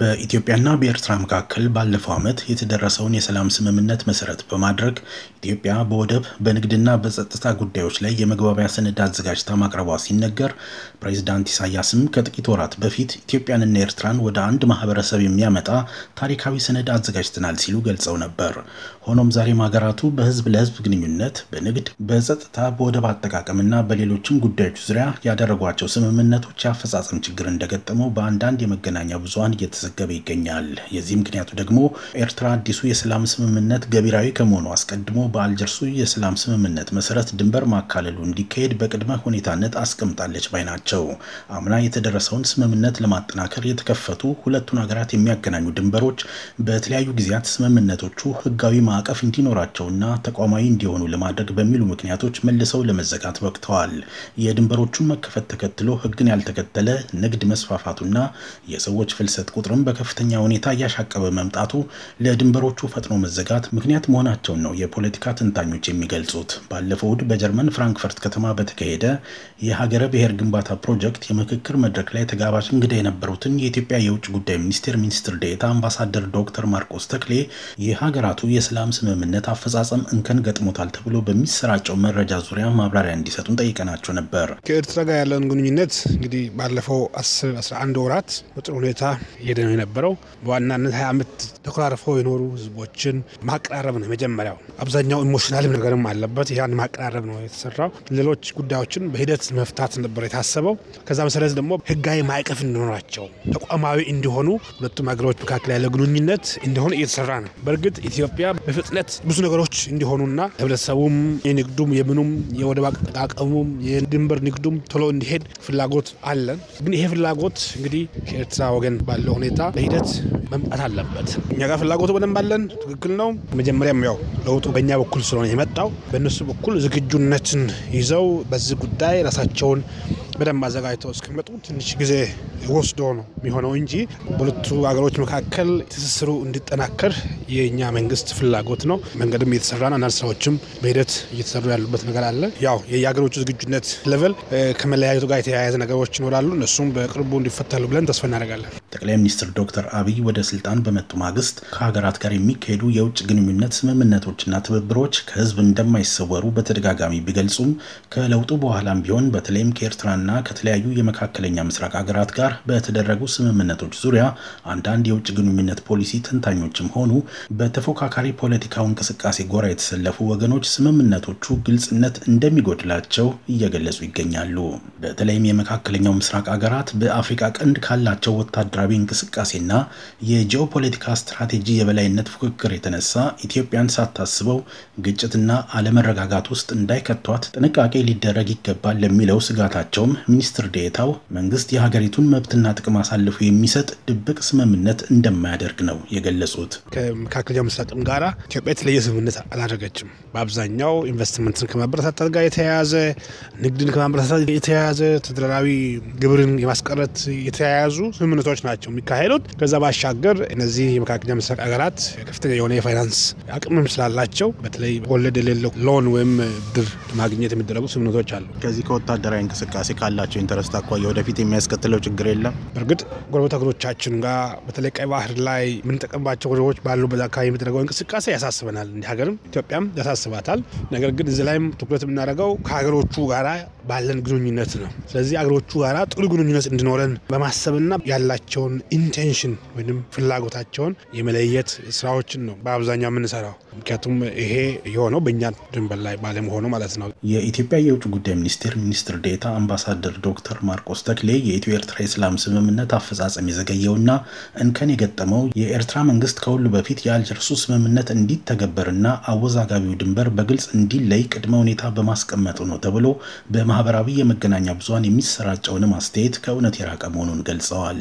በኢትዮጵያና በኤርትራ መካከል ባለፈው ዓመት የተደረሰውን የሰላም ስምምነት መሰረት በማድረግ ኢትዮጵያ በወደብ በንግድና በጸጥታ ጉዳዮች ላይ የመግባቢያ ሰነድ አዘጋጅታ ማቅረቧ ሲነገር ፕሬዚዳንት ኢሳያስም ከጥቂት ወራት በፊት ኢትዮጵያንና ኤርትራን ወደ አንድ ማህበረሰብ የሚያመጣ ታሪካዊ ሰነድ አዘጋጅተናል ሲሉ ገልጸው ነበር። ሆኖም ዛሬም ሀገራቱ በህዝብ ለህዝብ ግንኙነት፣ በንግድ፣ በጸጥታ፣ በወደብ አጠቃቀምና በሌሎችም ጉዳዮች ዙሪያ ያደረጓቸው ስምምነቶች የአፈጻጸም ችግር እንደገጠመው በአንዳንድ የመገናኛ ብዙሀን እየተ እየተዘገበ ይገኛል። የዚህ ምክንያቱ ደግሞ ኤርትራ አዲሱ የሰላም ስምምነት ገቢራዊ ከመሆኑ አስቀድሞ በአልጀርሱ የሰላም ስምምነት መሰረት ድንበር ማካለሉ እንዲካሄድ በቅድመ ሁኔታነት አስቀምጣለች ባይ ናቸው። አምና የተደረሰውን ስምምነት ለማጠናከር የተከፈቱ ሁለቱን ሀገራት የሚያገናኙ ድንበሮች በተለያዩ ጊዜያት ስምምነቶቹ ህጋዊ ማዕቀፍ እንዲኖራቸውና ተቋማዊ እንዲሆኑ ለማድረግ በሚሉ ምክንያቶች መልሰው ለመዘጋት በቅተዋል። የድንበሮቹን መከፈት ተከትሎ ህግን ያልተከተለ ንግድ መስፋፋቱና የሰዎች ፍልሰት ቁጥር ቁጥርም በከፍተኛ ሁኔታ እያሻቀበ መምጣቱ ለድንበሮቹ ፈጥኖ መዘጋት ምክንያት መሆናቸውን ነው የፖለቲካ ትንታኞች የሚገልጹት። ባለፈው እሁድ በጀርመን ፍራንክፈርት ከተማ በተካሄደ የሀገረ ብሔር ግንባታ ፕሮጀክት የምክክር መድረክ ላይ ተጋባዥ እንግዳ የነበሩትን የኢትዮጵያ የውጭ ጉዳይ ሚኒስቴር ሚኒስትር ዴኤታ አምባሳደር ዶክተር ማርቆስ ተክሌ የሀገራቱ የሰላም ስምምነት አፈጻጸም እንከን ገጥሞታል ተብሎ በሚሰራጨው መረጃ ዙሪያ ማብራሪያ እንዲሰጡን ጠይቀናቸው ነበር። ከኤርትራ ጋር ያለን ግንኙነት እንግዲህ ባለፈው 10 11 ወራት በጥሩ ሁኔታ እየተካሄደ ነው የነበረው። በዋናነት ሀያ ዓመት ተኮራርፈው የኖሩ ህዝቦችን ማቀራረብ ነው የመጀመሪያው። አብዛኛው ኢሞሽናል ነገርም አለበት። ያን ማቀራረብ ነው የተሰራው። ሌሎች ጉዳዮችን በሂደት መፍታት ነበር የታሰበው። ከዛ መሰረት ደግሞ ህጋዊ ማዕቀፍ እንዲኖራቸው ተቋማዊ እንዲሆኑ ሁለቱም ሀገሮች መካከል ያለ ግንኙነት እንዲሆን እየተሰራ ነው። በእርግጥ ኢትዮጵያ በፍጥነት ብዙ ነገሮች እንዲሆኑና ህብረተሰቡም የንግዱም የምኑም የወደብ አጠቃቀሙም የድንበር ንግዱም ቶሎ እንዲሄድ ፍላጎት አለን። ግን ይሄ ፍላጎት እንግዲህ ከኤርትራ ወገን ባለው ሁኔታ ለሂደት መምጣት አለበት። እኛ ጋር ፍላጎቱ በደንብ አለን። ትክክል ነው። መጀመሪያም ያው ለውጡ በእኛ በኩል ስለሆነ የመጣው በእነሱ በኩል ዝግጁነትን ይዘው በዚህ ጉዳይ ራሳቸውን በደንብ አዘጋጅተው እስከመጡ ትንሽ ጊዜ ወስዶ ነው የሚሆነው እንጂ በሁለቱ ሀገሮች መካከል ትስስሩ እንዲጠናከር የእኛ መንግስት ፍላጎት ነው። መንገድም እየተሰራ ነው። አንዳንድ ስራዎችም በሂደት እየተሰሩ ያሉበት ነገር አለ። ያው የየሀገሮቹ ዝግጁነት ሌቨል ከመለያየቱ ጋር የተያያዘ ነገሮች ይኖራሉ። እነሱም በቅርቡ እንዲፈታሉ ብለን ተስፋ እናደርጋለን። ጠቅላይ ሚኒስትር ዶክተር አብይ ወደ ስልጣን በመጡ ማግስት ከሀገራት ጋር የሚካሄዱ የውጭ ግንኙነት ስምምነቶችና ትብብሮች ከህዝብ እንደማይሰወሩ በተደጋጋሚ ቢገልጹም ከለውጡ በኋላም ቢሆን በተለይም ከኤርትራና ከተለያዩ የመካከለኛ ምስራቅ ሀገራት ጋር በተደረጉ ስምምነቶች ዙሪያ አንዳንድ የውጭ ግንኙነት ፖሊሲ ተንታኞችም ሆኑ በተፎካካሪ ፖለቲካው እንቅስቃሴ ጎራ የተሰለፉ ወገኖች ስምምነቶቹ ግልጽነት እንደሚጎድላቸው እየገለጹ ይገኛሉ። በተለይም የመካከለኛው ምስራቅ ሀገራት በአፍሪካ ቀንድ ካላቸው ወታደራዊ ወታደራዊ እንቅስቃሴና የጂኦፖለቲካ ስትራቴጂ የበላይነት ፉክክር የተነሳ ኢትዮጵያን ሳታስበው ግጭትና አለመረጋጋት ውስጥ እንዳይከቷት ጥንቃቄ ሊደረግ ይገባል ለሚለው ስጋታቸውም ሚኒስትር ደታው መንግስት የሀገሪቱን መብትና ጥቅም አሳልፎ የሚሰጥ ድብቅ ስምምነት እንደማያደርግ ነው የገለጹት። ከመካከለኛው ምስራቅም ጋራ ኢትዮጵያ የተለየ ስምምነት አላደረገችም። በአብዛኛው ኢንቨስትመንትን ከማበረታታት ጋር የተያያዘ ንግድን ከማበረታታት የተያያዘ ተደራራዊ ግብርን የማስቀረት የተያያዙ ስምምነቶች ናቸው። ናቸው የሚካሄዱት። ከዛ ባሻገር እነዚህ የመካከለኛ ምስራቅ ሀገራት ከፍተኛ የሆነ የፋይናንስ አቅምም ስላላቸው በተለይ ወለድ የሌለው ሎን ወይም ብድር ለማግኘት የሚደረጉ ስምምነቶች አሉ። ከዚህ ከወታደራዊ እንቅስቃሴ ካላቸው ኢንተረስት አኳያ ወደፊት የሚያስከትለው ችግር የለም። በእርግጥ ጎረቤት ሀገሮቻችን ጋር በተለይ ቀይ ባህር ላይ የምንጠቀምባቸው ወደቦች ባሉበት አካባቢ የሚደረገው እንቅስቃሴ ያሳስበናል። እንደ ሀገርም ኢትዮጵያም ያሳስባታል። ነገር ግን እዚህ ላይም ትኩረት የምናደርገው ከሀገሮቹ ጋራ ባለን ግንኙነት ነው። ስለዚህ አገሮቹ ጋር ጥሩ ግንኙነት እንዲኖረን በማሰብና ያላቸውን ኢንቴንሽን ወይም ፍላጎታቸውን የመለየት ስራዎችን ነው በአብዛኛው የምንሰራው። ምክንያቱም ይሄ የሆነው በእኛ ድንበር ላይ ባለመሆኑ ማለት ነው። የኢትዮጵያ የውጭ ጉዳይ ሚኒስቴር ሚኒስትር ዴታ አምባሳደር ዶክተር ማርቆስ ተክሌ የኢትዮ ኤርትራ የሰላም ስምምነት አፈጻጸም የዘገየውና እንከን የገጠመው የኤርትራ መንግስት ከሁሉ በፊት የአልጀርሱ ስምምነት እንዲተገበርና አወዛጋቢው ድንበር በግልጽ እንዲለይ ቅድመ ሁኔታ በማስቀመጡ ነው ተብሎ በማህበራዊ የመገናኛ ብዙን የሚሰራጨውንም አስተያየት ከእውነት የራቀ መሆኑን ገልጸዋል።